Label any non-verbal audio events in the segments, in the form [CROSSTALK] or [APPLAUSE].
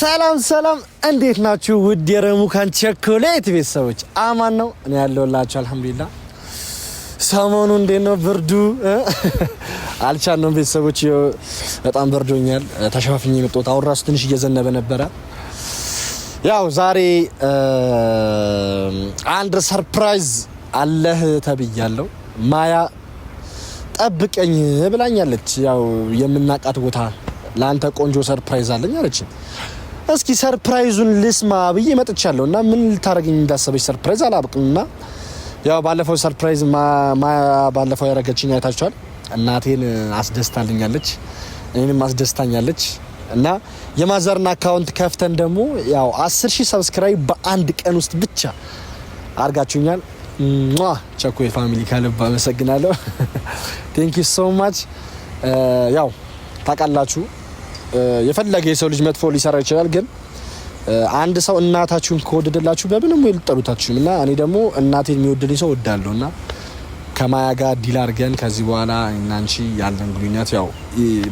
ሰላም ሰላም፣ እንዴት ናችሁ? ውድ የረሙካን ቸኮሌት ቤተሰቦች አማን ነው እኔ ያለሁላችሁ አልሐምዱሊላ። ሰሞኑ እንዴት ነው ብርዱ? ነው [LAUGHS] ቤተሰቦች፣ በጣም በርዶኛል። ተሸፋፍኝ የመጣሁት አሁን ራሱ ትንሽ እየዘነበ ነበረ። ያው ዛሬ አንድ ሰርፕራይዝ አለህ ተብያለሁ። ማያ ጠብቀኝ ብላኛለች። ያው የምናቃት ቦታ ለአንተ ቆንጆ ሰርፕራይዝ አለኝ አለችኝ። እስኪ ሰርፕራይዙን ልስማ ብዬ መጥቻለሁ እና ምን ልታደረገኝ እንዳሰበች ሰርፕራይዝ አላብቅም እና ያው ባለፈው ሰርፕራይዝ ባለፈው ያደረገችኝ አይታችኋል። እናቴን አስደስታልኛለች፣ እኔንም አስደስታኛለች እና የማዘርን አካውንት ከፍተን ደግሞ ያው አስር ሺህ ሰብስክራይብ በአንድ ቀን ውስጥ ብቻ አድርጋችሁኛል። ሟ ቸኮ የፋሚሊ ከልብ አመሰግናለሁ። ቴንክ ዩ ሶ ማች። ያው ታውቃላችሁ የፈለገ የሰው ልጅ መጥፎ ሊሰራ ይችላል፣ ግን አንድ ሰው እናታችሁን ከወደደላችሁ በምንም ወይ ልጠሉታችሁም እና እኔ ደግሞ እናቴ የሚወደድ ሰው ወዳለሁ እና ከማያ ጋር ዲል አድርገን ከዚህ በኋላ እናንቺ ያለን ግንኙነት ያው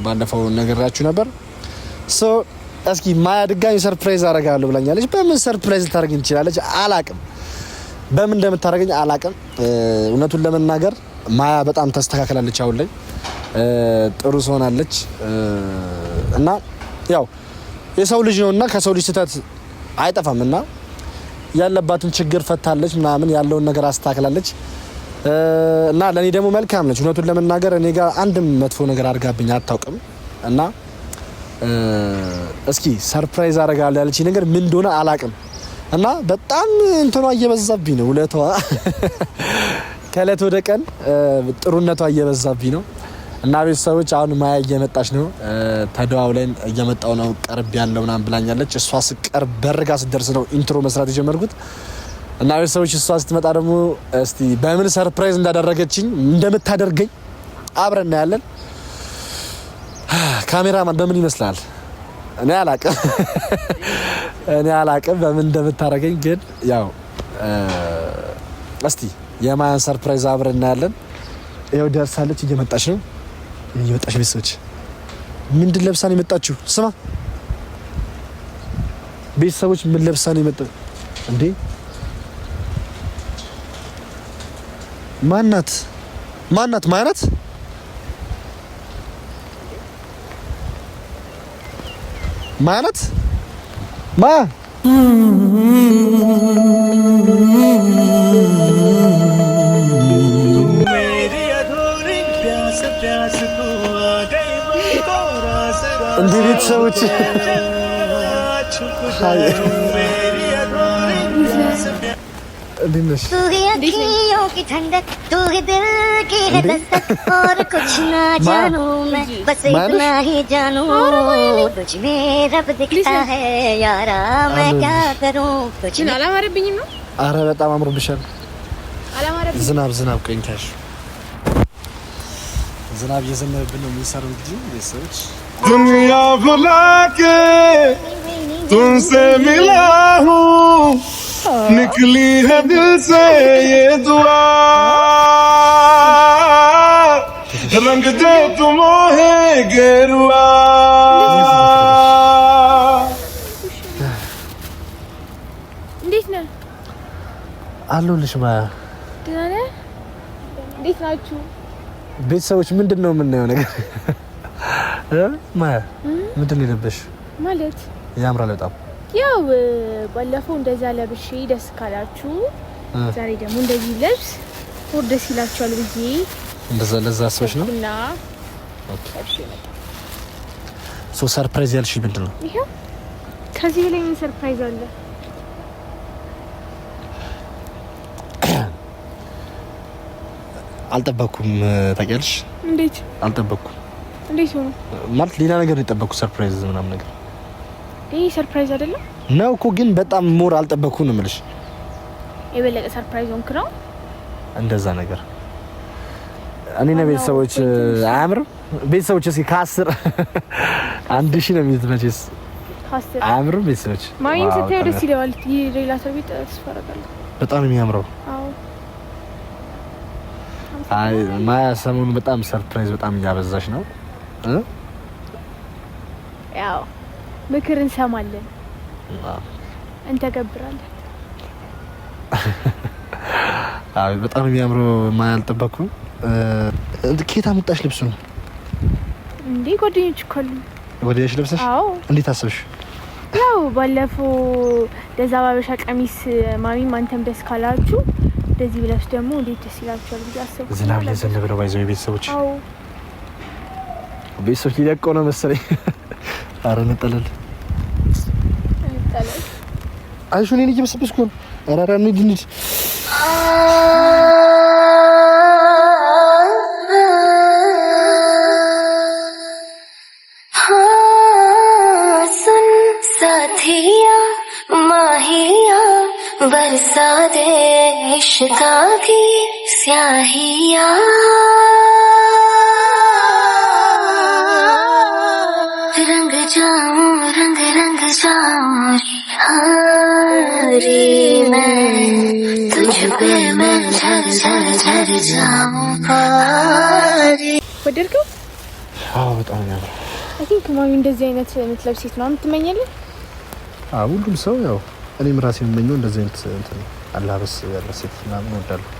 ባለፈው ነገራችሁ ነበር። እስኪ ማያ ድጋሚ ሰርፕራይዝ አደርጋለሁ ብላኛለች። በምን ሰርፕራይዝ ልታደርግ ትችላለች? አላቅም። በምን እንደምታደርገኝ አላቅም። እውነቱን ለመናገር ማያ በጣም ተስተካክላለች። አሁን ላይ ጥሩ ሰሆናለች። እና ያው የሰው ልጅ ነውና ከሰው ልጅ ስህተት አይጠፋም እና ያለባትን ችግር ፈታለች ምናምን ያለውን ነገር አስተካክላለች እና ለእኔ ደግሞ መልካም ነች። እውነቱን ለመናገር እኔ ጋር አንድም መጥፎ ነገር አድርጋብኝ አታውቅም። እና እስኪ ሰርፕራይዝ አደርጋለሁ ያለች ነገር ምን እንደሆነ አላቅም እና በጣም እንትኗ እየበዛብኝ ነው፣ ውለቷ ከእለት ወደ ቀን ጥሩነቷ እየበዛብኝ ነው። እና ቤተሰቦች አሁን ማያ እየመጣች ነው። ተደዋውለን እየመጣው ነው ቀርብ ያለው ምናምን ብላኛለች። እሷ ስቀርብ በርጋ ስደርስ ነው ኢንትሮ መስራት የጀመርኩት። እና ቤተሰቦች እሷ ስትመጣ ደግሞ እስቲ በምን ሰርፕራይዝ እንዳደረገችኝ እንደምታደርገኝ አብረን እናያለን። ካሜራማን በምን ይመስላል? እኔ አላቅም [LAUGHS] እኔ አላቅም በምን እንደምታደርገኝ ግን ያው እስቲ የማያን ሰርፕራይዝ አብረን እናያለን። ይኸው ደርሳለች፣ እየመጣች ነው። የመጣሽ ቤተሰቦች ምንድን ለብሳ ነው የመጣችሁ? ስማ ቤተሰቦች ምን ለብሳ ነው የመጣ እንዴ? ማናት ማናት ማናት? ማናት ማ अच्छा मुझे अखियों की ठंडक तू दिल की है दस्तक और कुछ ना जानू मैं बस इतना ही जानू तुझ में रब दिखता है यारा मैं क्या करूं तुझ में አላማረ ብኝ ነው አረ በጣም አምሮብሻል ዝናብ ዝናብ ቀኝታሽ ዝናብ እየዘነበብን ነው የምንሰራው እንግዲህ ቤተሰቦች दुनिया भुला के तुमसे मिला हूँ निकली है दिल से ये दुआ रंग दे तुम है गेरुआ አሉልሽ ደህና ነህ እንዴት ናችሁ ቤተሰቦች ምንድን ነው የምናየው ነገር ማያ ምንድን ነው ማለት ያምራል በጣም ያው ባለፈው እንደዛ ለብሼ ደስ ካላችሁ ዛሬ ደግሞ እንደዚህ ልብስ ወር ደስ ይላችኋል ብዬ እንደዛ ለዛ አስበሽ ነው እና ሶ ሰርፕራይዝ ያልሽ ምንድን ነው? ይሄ ከዚህ ላይ ምን ሰርፕራይዝ አለ? አልጠበኩም። ታውቂያለሽ? እንዴት አልጠበኩም እንዴት ሆኖ ማለት ሌላ ነገር የጠበኩት ሰርፕራይዝ ምናምን ነገር ይሄ ሰርፕራይዝ አይደለም ነው እኮ ግን በጣም ሞር አልጠበኩም ነው የምልሽ የበለጠ ሰርፕራይዝ ሆንክ ነው እንደዛ ነገር እኔና ቤተሰቦች አያምርም ቤተሰቦች እስኪ ከአስር [LAUGHS] አንድ ሺህ ነው የሚይዝ መቼስ አያምርም ቤተሰቦች ማይም ስታየው ደስ ይለዋል ሌላ ሰው ቤት ተስፋ አደርጋለሁ በጣም የሚያምረው ማያ ሰሞኑን በጣም ሰርፕራይዝ በጣም እያበዛሽ ነው ያው ምክር እንሰማለን፣ እንተገብራለን። [LAUGHS] አይ በጣም የሚያምረው ማን አልጠበኩም። ኬት አመጣሽ ልብሱ ነው እንዴ? ጓደኞች እኮ አሉ። ጓደኞች ለብሰሽ? አዎ። እንዴት አሰብሽ? ያው ባለፈው ደዛ ባበሻ ቀሚስ ማሚም አንተም ደስ ካላችሁ እንደዚህ ብለሽ ደግሞ እንዴት ደስ ይላችኋል ብዬ አሰብኩ። ዝናብ እየዘነበ ነው ባይዘው ቤተሰቦች ቤተሰቦች ሊለቀው ነው መሰለኝ። አረ እንጠለል። አይሹ እኔን እየበሰበስኩ ነው። አረ አረ እንሂድ እንሂድ። बरसा दे इश्क़ की स्याहियाँ ወደድከው? አዎ በጣም ያምራል። አይ ቲንክ ማሚ እንደዚህ አይነት የምትለብስ ሴት ነው የምትመኘልህ? አዎ ሁሉም ሰው ያው እኔም ራሴ የምመኘው እንደዚህ አይነት እንትን አላበስ ያለ ሴት ምናምን እወዳለሁ።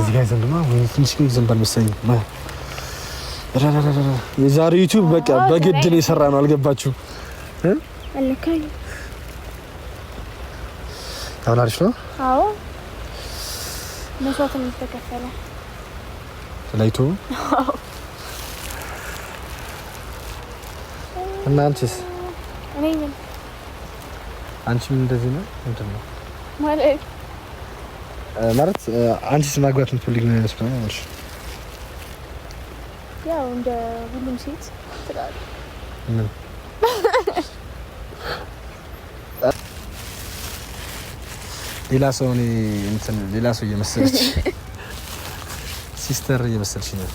እዚህ ጋር ዘንድማ ወይ ትንሽ ግን ዘንባል መሰለኝ። የዛሬ ዩቲዩብ በቃ በግድ ነው የሰራ ነው። አልገባችሁ? አሁን አዎ መስዋዕት የሚስተከፈለ ተለይቶ እና አንቺስ? እኔ ነኝ። አንቺም እንደዚህ ነው? ምንድን ነው ማለት ማለት አንቺስ ማግባት የምትፈልጊ ነው አይነት ነው ማለት ያው እንደ ሁሉም ሴት ትላለህ ሌላ ሰው እኔ እንትን ሌላ ሰው እየመሰለች ሲስተር እየመሰለች ነው።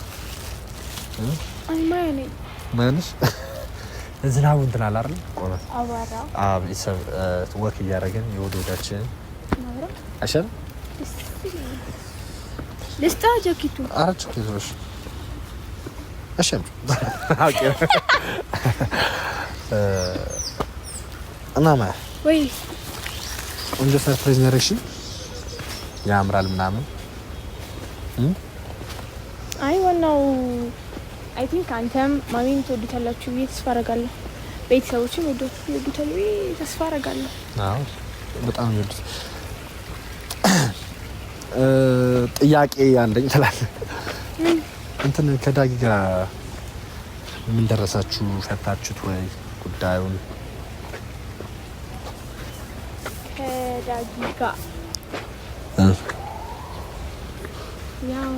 ማንሽ ዝናቡ እንትን አለ አይደል? ቆመ ቤተሰብ ወክ እያደረግን የወደ ወዳችን አሸር ልስጣ ጃኬቱ አረ ጃኬቶች አሸም እና ማ ወይ ቆንጆ ሰርፕራይዝ ያደረግሽኝ ያምራል ምናምን። አይ ዋናው አይ ቲንክ አንተም ማሚም ትወዱታላችሁ ብዬ ተስፋ አደርጋለሁ። ቤተሰቦችም ይወዱታል ብዬ ተስፋ አደርጋለሁ። አዎ በጣም ይወዱት። ጥያቄ አለኝ ትላለህ። እንትን ከዳጊ ጋር ምን ደረሳችሁ? ፈታችሁት ወይ ጉዳዩን? ዳጊጋ ያው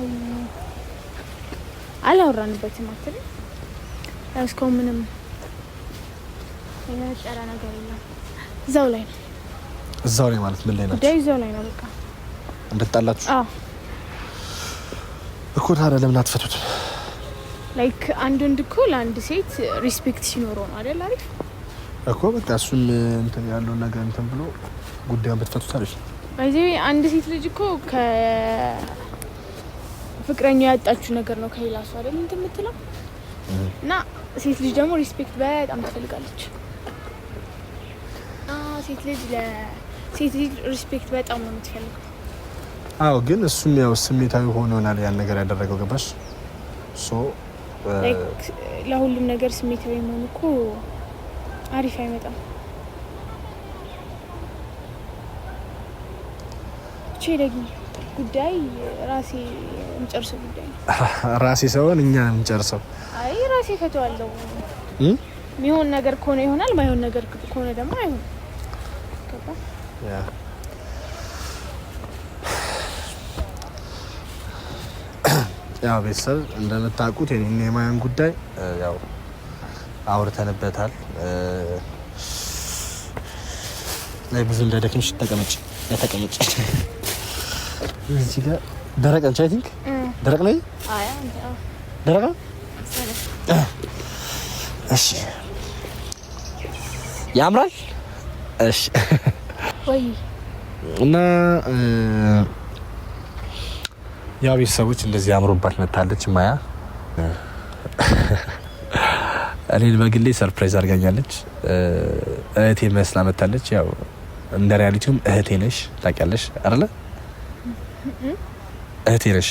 አላወራንበትም አትልም። እስካሁን ምንም የተፈጠረ ነገር የለም። እዛው ላይ ነው። እዛው ላይ ማለት ምን ላይ ናቸው? እዛው ላይ ነው። በቃ እንድትጣላችሁ? እኮ ታዲያ ለምን አትፈቱት? ላይክ አንድ ወንድ እኮ ለአንድ ሴት ሪስፔክት ሲኖረው ነው አይደል? አሪፍ እኮ በቃ እሱን እንትን ያለውን ነገር እንትን ብሎ ጉዳዩን ብትፈቱት አለች። አንድ ሴት ልጅ እኮ ከፍቅረኛው ያጣችሁ ነገር ነው ከሌላ ሰው አይደል እንትን የምትለው እና ሴት ልጅ ደግሞ ሪስፔክት በጣም ትፈልጋለች። ሴት ልጅ ለሴት ልጅ ሪስፔክት በጣም ነው የምትፈልገው። አዎ፣ ግን እሱም ያው ስሜታዊ ሆናል ያን ነገር ያደረገው ገባሽ? ሶ ለሁሉም ነገር ስሜታዊ መሆን እኮ አሪፍ አይመጣም። የለኝ ጉዳይ ራሴ የምጨርሰው ጉዳይ [LAUGHS] ራሴ ሳይሆን እኛ ነው የምንጨርሰው። አይ ራሴ ፈተዋለሁ። የሚሆን ነገር ከሆነ ይሆናል፣ ማይሆን ነገር ከሆነ ደግሞ አይሆን። [CLEARS THROAT] ያው ቤተሰብ እንደምታውቁት የኔና የማያን ጉዳይ ያው አውርተንበታል። ላይ ብዙ እንደ ደክምሽ ተቀመጭ ተቀመጭ ደረቅ ነች። አይ ቲንክ ደረቅ ነው። አይ ደረቅ ነው። እሺ ያምራል። እሺ እና ያው ቤተሰቦች እንደዚህ ያምሩባት መታለች። ማያ እኔን በግሌ ሰርፕራይዝ አድርጋኛለች። እህቴ መስላ መታለች። ያው እንደ ሪያሊቲውም እህቴ ነሽ ታውቂያለሽ አይደለ? እህቴ ነሽ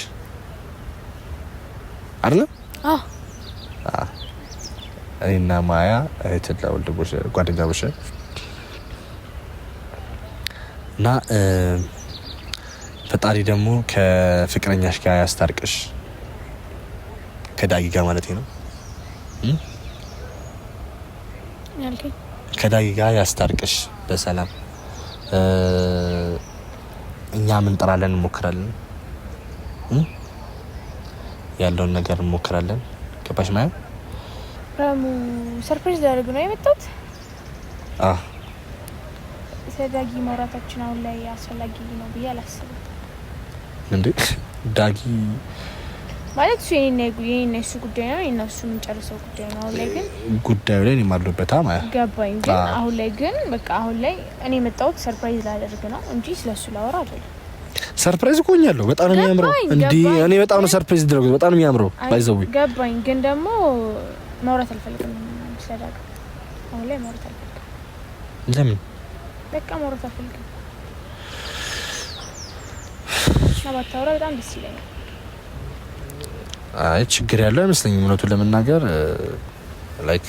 አይደለ? አዎ። እኔና ማያ እህትና ወንድሞች ጓደኛሞች እና ፈጣሪ ደግሞ ከፍቅረኛሽ ጋር ያስታርቅሽ ከዳጊ ጋር ማለት ነው። ከዳጊ ጋር ያስታርቅሽ በሰላም እኛም እንጥራለን፣ እንሞክራለን፣ ያለውን ነገር እንሞክራለን። ገባሽ? ማየ ራሙ ሰርፕሪዝ ሊያደርግ ነው የመጣሁት። ስለ ዳጊ ማውራታችን አሁን ላይ አስፈላጊ ነው ብዬ አላስብም። እንዴ ዳጊ ማለት እሱ የኔና የሱ ጉዳይ ነው፣ የእኔና እሱ የምንጨርሰው ጉዳይ ነው። አሁን ላይ ግን ጉዳዩ ላይ እኔም አለሁበት ማለት ገባኝ። ግን አሁን ላይ ግን በቃ አሁን ላይ እኔ የመጣሁት ሰርፕራይዝ ላደርግ ነው እንጂ ስለሱ ላወራ አይደለም። ሰርፕራይዝ እኮኛለሁ። በጣም ነው የሚያምረው። እንዲ እኔ በጣም ነው ሰርፕራይዝ ድረግ በጣም ነው የሚያምረው። ባይዘው ገባኝ። ግን ደግሞ ማውራት አልፈልግም ስለዳግ አሁን ላይ ማውራት አልፈልግም። ለምን? በቃ ማውራት አልፈልግም። ባታወራ በጣም ደስ ይለኛል። አይ ችግር ያለው አይመስለኝም። እውነቱን ለመናገር ላይክ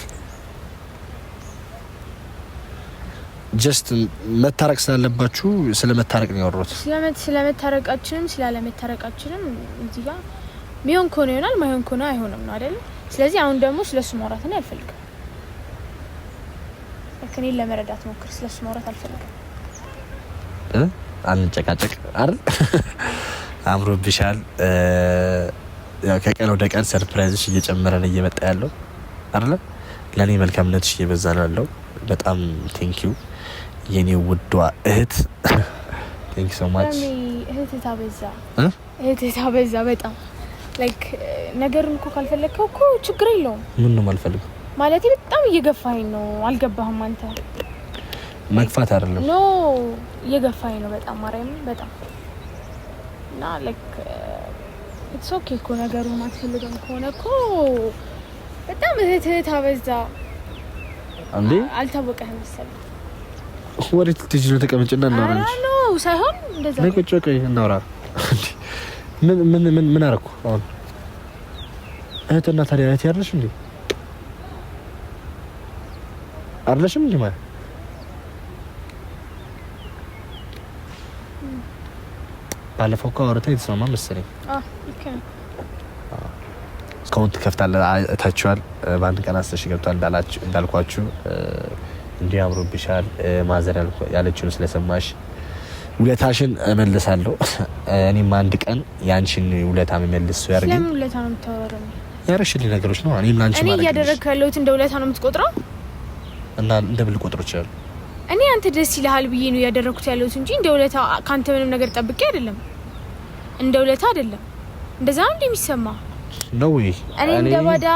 ጀስት መታረቅ ስላለባችሁ ስለ መታረቅ ነው ያወሩት። ስለ መታረቃችንም ስላለ እዚህ ጋር ሚሆን ከሆነ ይሆናል፣ ማይሆን ከሆነ አይሆንም ነው አይደል? ስለዚህ አሁን ደግሞ ስለሱ ማውራት ነው አልፈልግም። እኔን ለመረዳት ሞክር። ስለሱ ማውራት አልፈልግም። አንጨቃጨቅ አይደል? [LAUGHS] አምሮብሻል። ከቀን ወደ ቀን ሰርፕራይዝሽ እየጨመረ ነው እየመጣ ያለው አለ። ለእኔ መልካምነትሽ እየበዛ ነው ያለው። በጣም ቴንኪዩ የኔ ውዷ እህት ቴንክ ሶ ማች። ታበዛ በጣም ላይክ እኮ ካልፈለግከው እኮ ችግር የለውም። ምን ነው በጣም ነው። አልገባህም አንተ መግፋት አይደለም ኖ ነው በጣም በጣም እና ላይክ ኢትስ ኦኬ እኮ ነገሩ ማትፈልገም ከሆነ እኮ በጣም እህት እህት አበዛ እንዴ? አልታወቀህም መሰለኝ። ወዴት ልትሄጂ ነው? ተቀመጭና እናውራ ሳይሆን እንደዛ ነው። ቁጭ በይ እናውራ። ምን ምን ምን ምን አደረኩ አሁን? እህትና ታዲያ እህት ያለሽ እንዴ? አይደለሽም እንዴ ማለት ባለፈው እኮ አውርተን የተስማማ መሰለኝ። እስካሁን ትከፍታለህ እታችኋል። በአንድ ቀን አስር ሺህ ገብቷል እንዳልኳችሁ እንዲህ አምሮብሻል ማዘር ያለችውን ስለሰማሽ ውለታሽን እመልሳለሁ። እኔም አንድ ቀን የአንቺን ውለታ መመልስ ሰው ያርገኝ። ለምን ውለታ ነው የምታወራው? ያረሽልኝ ነገሮች ነው። እኔም ለአንቺ ማለት እኔ እያደረግህ ያለሁት እንደ ውለታ ነው የምትቆጥረው እና እንደ ብል ቆጥሮ እኔ አንተ ደስ ይልሃል ብዬ ነው ያደረኩት ያለሁት እንጂ እንደ ውለታ ከአንተ ምንም ነገር ጠብቄ አይደለም። እንደ ውለታ አይደለም። እንደዛ ነው እንደሚሰማ ነው። እኔ እንደ ባዳ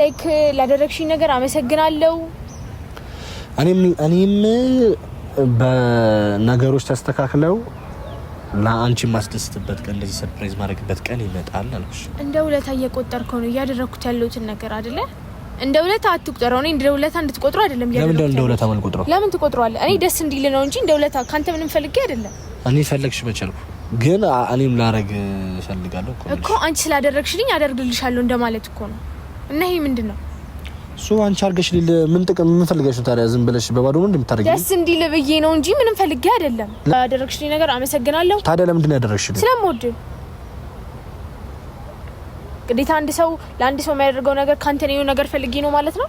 ላይክ ላደረግሽኝ ነገር አመሰግናለሁ። እኔም በነገሮች ተስተካክለው ለአንቺ የማስደስትበት ቀን እንደዚህ ሰርፕራይዝ ማድረግበት ቀን ይመጣል አልኩሽ። እንደ ውለታ እየቆጠርከው ነው እያደረግኩት ያለሁትን ነገር አይደለ እንደ ውለታ አትቁጠረው። እኔ እንደ ውለታ እንድትቆጥሩ አይደለም። ለምን እንደ ውለታ የማልቆጥረው? ለምን ትቆጥረዋለህ? እኔ ደስ እንዲል ነው እንጂ እንደ ውለታ ካንተ ምንም ፈልጌ አይደለም። እኔ ፈለግሽ በቻልኩ ግን እኔም ላረግ እፈልጋለሁ እኮ እኮ አንቺ ስላደረግሽልኝ አደርግልሻለሁ እንደማለት እኮ ነው። እና ይሄ ምንድን ነው? እሱ አንቺ አርገሽ ሊል ምን ጥቅም ምን ፈልገሽ ነው ታዲያ? ዝም ብለሽ በባዶ ምን እንደምታደርጊ ደስ እንዲል ብዬ ነው እንጂ ምንም ፈልጌ አይደለም። ያደረግሽልኝ ነገር አመሰግናለሁ። ታዲያ ለምንድን ነው ያደረግሽልኝ? ስለምወድ ግዴታ አንድ ሰው ለአንድ ሰው የሚያደርገው ነገር ከአንተ ነው ነገር ፈልጌ ነው ማለት ነው።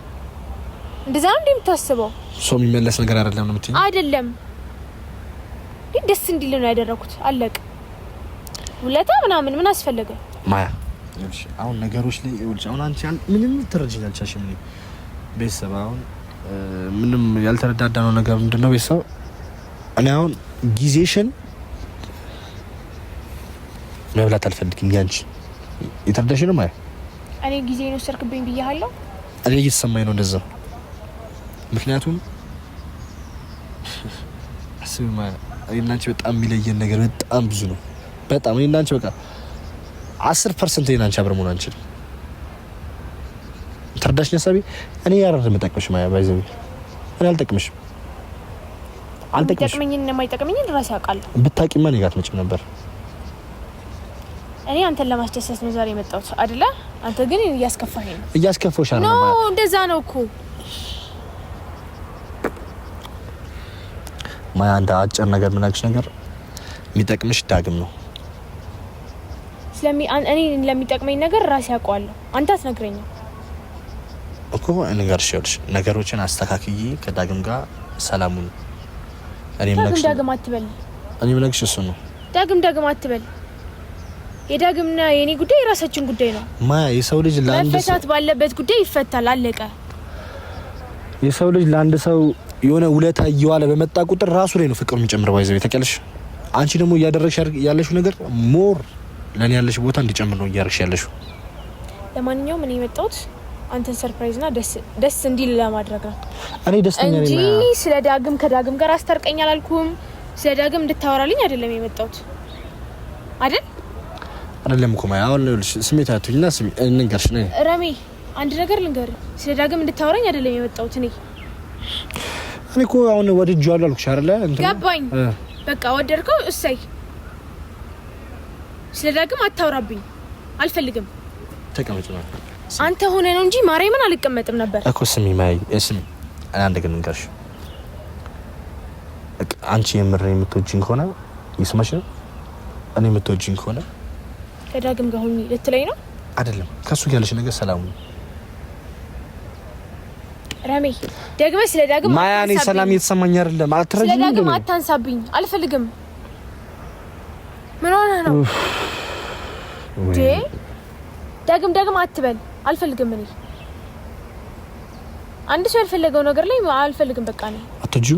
እንደዛ ነው እንደምታስበው ሰው የሚመለስ ነገር አይደለም ነው የምትይኝ? አይደለም ደስ እንዲል ነው ያደረኩት። አለቅ ውለታ ምናምን ምን አስፈለገ ማያ? እሺ፣ አሁን ነገሮች ላይ ይኸውልሽ፣ አሁን አንቺ ምንም ልትረጂኝ አልቻልሽም። ቤተሰብ አሁን ምንም ያልተረዳዳ ነው ነገር ምንድን ነው ቤተሰብ፣ እኔ አሁን ጊዜሽን መብላት አልፈልግም ያንቺ የተረዳሽ ነው ማለት እኔ ጊዜ ነው ሰርክብኝ ብያለሁ። እኔ እየተሰማኝ ነው እንደዛ ምክንያቱም ስማ እኔና አንቺ በጣም የሚለየን ነገር በጣም ብዙ ነው። በጣም እኔና አንቺ በቃ አስር ፐርሰንት እኔና አንቺ አብረን መሆን አንችልም። ተረዳሽ ነሳቢ እኔ ያረ የምጠቅምሽ ማያ ባይዘ እኔ አልጠቅምሽም። አልጠቅምሽም ብታውቂማ እኔ ጋር አትመጭም ነበር። እኔ አንተን ለማስደሰት ነው ዛሬ የመጣሁት አይደለ? አንተ ግን እያስከፋህ ነው። እያስከፋሽ ነው። ኖ እንደዛ ነው እኮ ማያ። አንተ አጭር ነገር ምናክሽ ነገር የሚጠቅምሽ ዳግም ነው። ስለሚ እኔ ለሚጠቅመኝ ነገር ራሴ አውቀዋለሁ። አንተ አትነግረኝም እኮ ንገርሽ። ይኸውልሽ ነገሮችን አስተካክዬ ከዳግም ጋር ሰላሙን እኔ ዳግም ዳግም አትበል። እኔ ምነግሽ እሱ ነው። ዳግም ዳግም አትበል የዳግምና የኔ ጉዳይ የራሳችን ጉዳይ ነው። ማ የሰው ልጅ ለአንድ ሰው ባለበት ጉዳይ ይፈታል። አለቀ። የሰው ልጅ ለአንድ ሰው የሆነ ውለታ እየዋለ በመጣ ቁጥር ራሱ ላይ ነው ፍቅር የሚጨምረው። ይዘ ተቀልሽ። አንቺ ደግሞ እያደረግሽ ያለሽው ነገር ሞር ለእኔ ያለሽ ቦታ እንዲጨምር ነው እያደረግሽ ያለሽው። ለማንኛውም እኔ የመጣሁት አንተን ሰርፕራይዝ ና ደስ እንዲል ለማድረግ ነው። እኔ ደስተኛ እንጂ ስለ ዳግም ከዳግም ጋር አስታርቀኝ አላልኩም። ስለ ዳግም እንድታወራልኝ አይደለም የመጣሁት አይደል አይደለም እኮ ማያ፣ አሁን ስሜት አትሁኝና ስሚ፣ እንንገርሽ ነው ረሜ። አንድ ነገር ልንገር፣ ስለ ዳግም እንድታወራኝ አይደለም የመጣሁት እኔ እኔ እኮ አሁን ወድጄዋለሁ አልኩሽ አይደለ? ገባኝ። በቃ ወደድከው፣ እሰይ። ስለ ዳግም አታውራብኝ፣ አልፈልግም። ተቀመጭ። አንተ ሆነ ነው እንጂ ማርያምን አልቀመጥም ነበር እኮ። ስሚ ማይ ስሚ፣ አንድ ግን ልንገርሽ፣ አንቺ የምር የምትወጂኝ ከሆነ ይስማሽ፣ እኔ የምትወጂኝ ከሆነ ከዳግም ጋር ሁኚ ልትለኝ ነው? አይደለም ከሱ ያለሽ ነገር ሰላም ነው። ረሜ ደግመሽ ስለ ዳግም ማያ፣ እኔ ሰላም እየተሰማኝ አይደለም። አትረጅም። ስለ ዳግም አታንሳብኝ፣ አልፈልግም። ምን ሆነህ ነው ዴ? ዳግም ዳግም አትበል፣ አልፈልግም። እኔ አንድ ሰው ያልፈለገው ነገር ላይ አልፈልግም። በቃ ነው አትጁ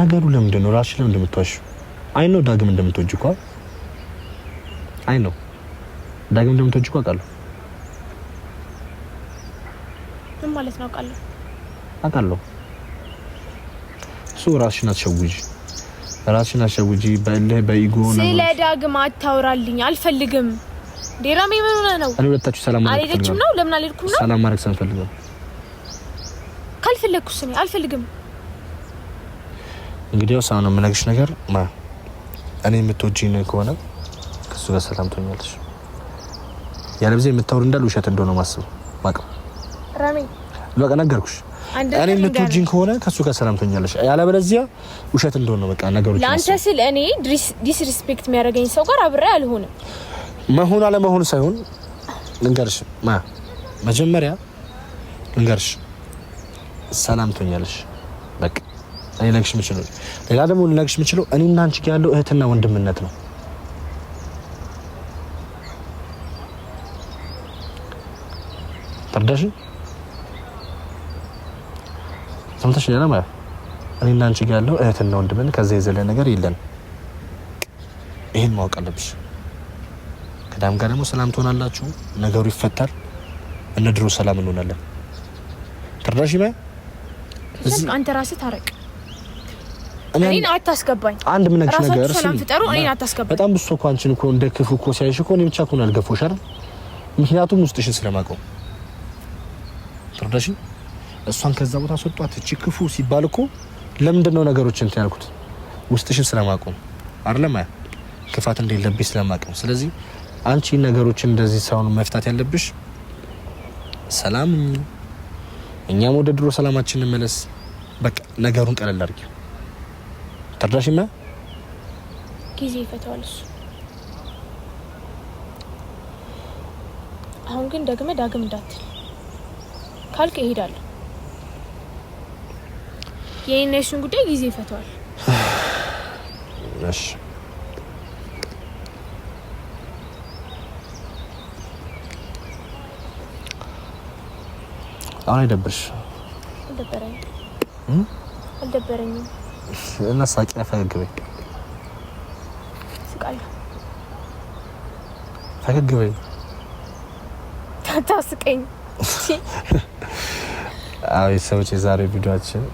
ነገሩ። ለምንድን ነው ራስሽ ለምን እንደምትዋሽ? አይ ነው ዳግም እንደምትወጂ እኮ አይ ነው ዳግም እንደምትወጂ እኮ አውቃለሁ። ምን ማለት ነው? አውቃለሁ አውቃለሁ። እሱ ራስሽን አትሸውጂ፣ ራስሽን አትሸውጂ። በእልህ በኢጎ ነው። ስለ ዳግም አታውራልኝ፣ አልፈልግም። ዴራም ምን ሆነ ነው? እኔ ሁለታችሁ ሰላም ማለት አልሄደችም ነው። ለምን አልሄድኩም ነው? ሰላም ማድረግ ሳንፈልግ ነው። ካልፈለግኩስ እኔ አልፈልግም። እንግዲህ ያው ሳይሆን የምነግርሽ ነገር እኔ የምትወጂኝ ከሆነ ከሱ ጋር ሰላምቶኛለሽ። ያለ ብዜ የምታወር እንዳል ውሸት እንደሆነ ማስበው ማቀው በቃ ነገርኩሽ። እኔ የምትወጂኝ ከሆነ ከሱ ጋር ሰላም ሰላምቶኛለሽ፣ ያለበለዚያ ውሸት እንደሆነ በቃ ነገሮች። ለአንተ ስል እኔ ዲስሪስፔክት የሚያደርገኝ ሰው ጋር አብሬ አልሆንም። መሆን አለመሆን ሳይሆን ልንገርሽ፣ ማ መጀመሪያ ልንገርሽ፣ ሰላምቶኛለሽ በቃ እኔ ልነግርሽ የምችለው ሌላ ደግሞ ልነግርሽ የምችለው እኔና አንቺ ጋር ያለው እህትና ወንድምነት ነው። እርዳሽ ሰምተሽ ሌላ ማለት እኔና አንቺ ጋር ያለው እህትና ወንድምን ከዚህ የዘለ ነገር የለን። ይሄን ማወቅ አለብሽ። ከዳም ጋር ደግሞ ሰላም ትሆናላችሁ፣ ነገሩ ይፈታል፣ እነ ድሮ ሰላም እንሆናለን። ትረዳሽ ይበ አንተ ራስህ ታረቅ። እኔን አታስገባኝ። አንድ ምን ነገር ነገር ሰላም ፍጠሩ። እኔን አታስገባኝ። በጣም ብሶ እኮ አንቺን እኮ እንደ ክፉ እኮ ሲያይሽ እኮ እኔ ብቻ እኮ ነው ያልገፎሽ አይደል? ምክንያቱም ውስጥሽን ስለማውቀው ትርዳሽ እሷን ከዛ ቦታ ሰጧት። እቺ ክፉ ሲባል እኮ ለምንድን ነው ነገሮች እንትን ያልኩት? ውስጥሽን ስለማቆም አይደለም ክፋት እንደሌለብኝ ስለማቀም። ስለዚህ አንቺ ነገሮች እንደዚህ ሳይሆኑ መፍታት ያለብሽ ሰላም፣ እኛም ወደ ድሮ ሰላማችን እንመለስ። በቃ ነገሩን ቀለል አድርጊው። ተርዳሽማ ጊዜ ይፈታዋል እሱ። አሁን ግን ደግመ ዳግም እንዳትል ካልክ እሄዳለሁ። የኔና ጉዳይ ጊዜ ይፈተዋል። [SIGHS] እሺ አሁን አይደብርሽ? አልደበረኝም። አልደበረኝም። [LAUGHS] እና ሳቂ ነው። ፈገግ በይ። ስቃለሁ። ፈገግ በይ። ታታስቀኝ ቤተሰቦች የዛሬ ቪዲዮችን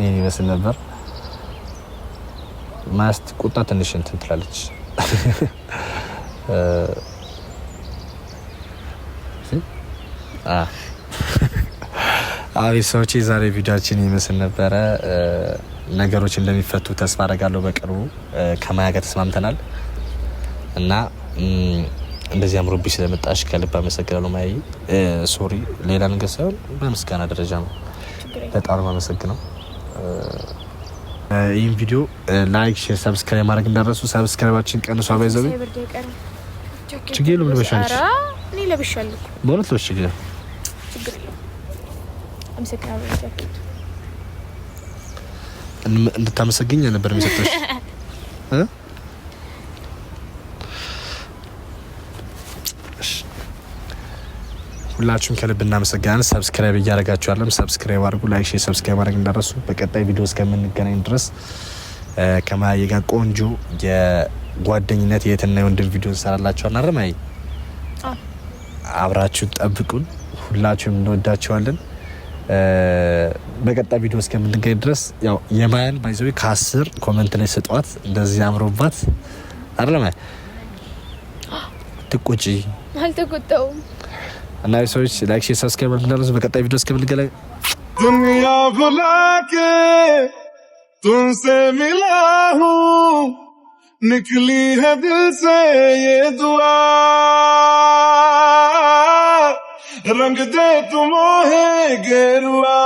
ይህን ይመስል ነበር። ማስት ቁጣ ትንሽ እንትን ትላለች። አዎ ቤተሰቦች የዛሬ ቪዲዮችን ይመስል ነበረ። ነገሮች እንደሚፈቱ ተስፋ አደርጋለሁ። በቅርቡ ከማያ ጋር ተስማምተናል እና እንደዚህ አምሮብኝ ስለመጣሽ ከልብ አመሰግናለሁ። ማያይ ሶሪ፣ ሌላ ነገር ሳይሆን በምስጋና ደረጃ ነው። በጣም አመሰግነው። ይህም ቪዲዮ ላይክ፣ ሼር፣ ሰብስክራይብ ማድረግ እንዳረሱ። ሰብስክራይባችን ቀንሱ። አባይዘቢ ችግር የለም ልበሻለች። በእውነት ለበሽ ችግር እንድታመሰግኝ ነበር የሚሰጠሽ [LAUGHS] ሁላችሁም ከልብ እናመሰግናለን። ሰብስክራይብ እያደረጋችሁ ያለም ሰብስክራይብ አድርጉ፣ ላይክ፣ ሼር፣ ሰብስክራይብ ማድረግ እንዳረሱ። በቀጣይ ቪዲዮ እስከምንገናኝ ድረስ ከማየ ጋር ቆንጆ የጓደኝነት የትና የወንድም ቪዲዮ እንሰራላችኋል። አረማይ አብራችሁ ጠብቁን። ሁላችሁም እንወዳችኋለን። በቀጣይ ቪዲዮ እስከምንገኝ ድረስ ያው የማያን ባይዘዊ ከአስር ኮመንት ላይ ስጧት። እንደዚህ አምሮባት አይደለም ትቆጪ አልተቆጣውም እና ሰዎች ላይክ፣ ሼር፣ ሰብስክራይብ እንዳትረሱ። በቀጣይ ቪዲዮ እስከምንገናኝ दुनिया भुला के तुमसे मिला हूँ निकली है दिल से ये दुआ रंग दे तुम है गेरुआ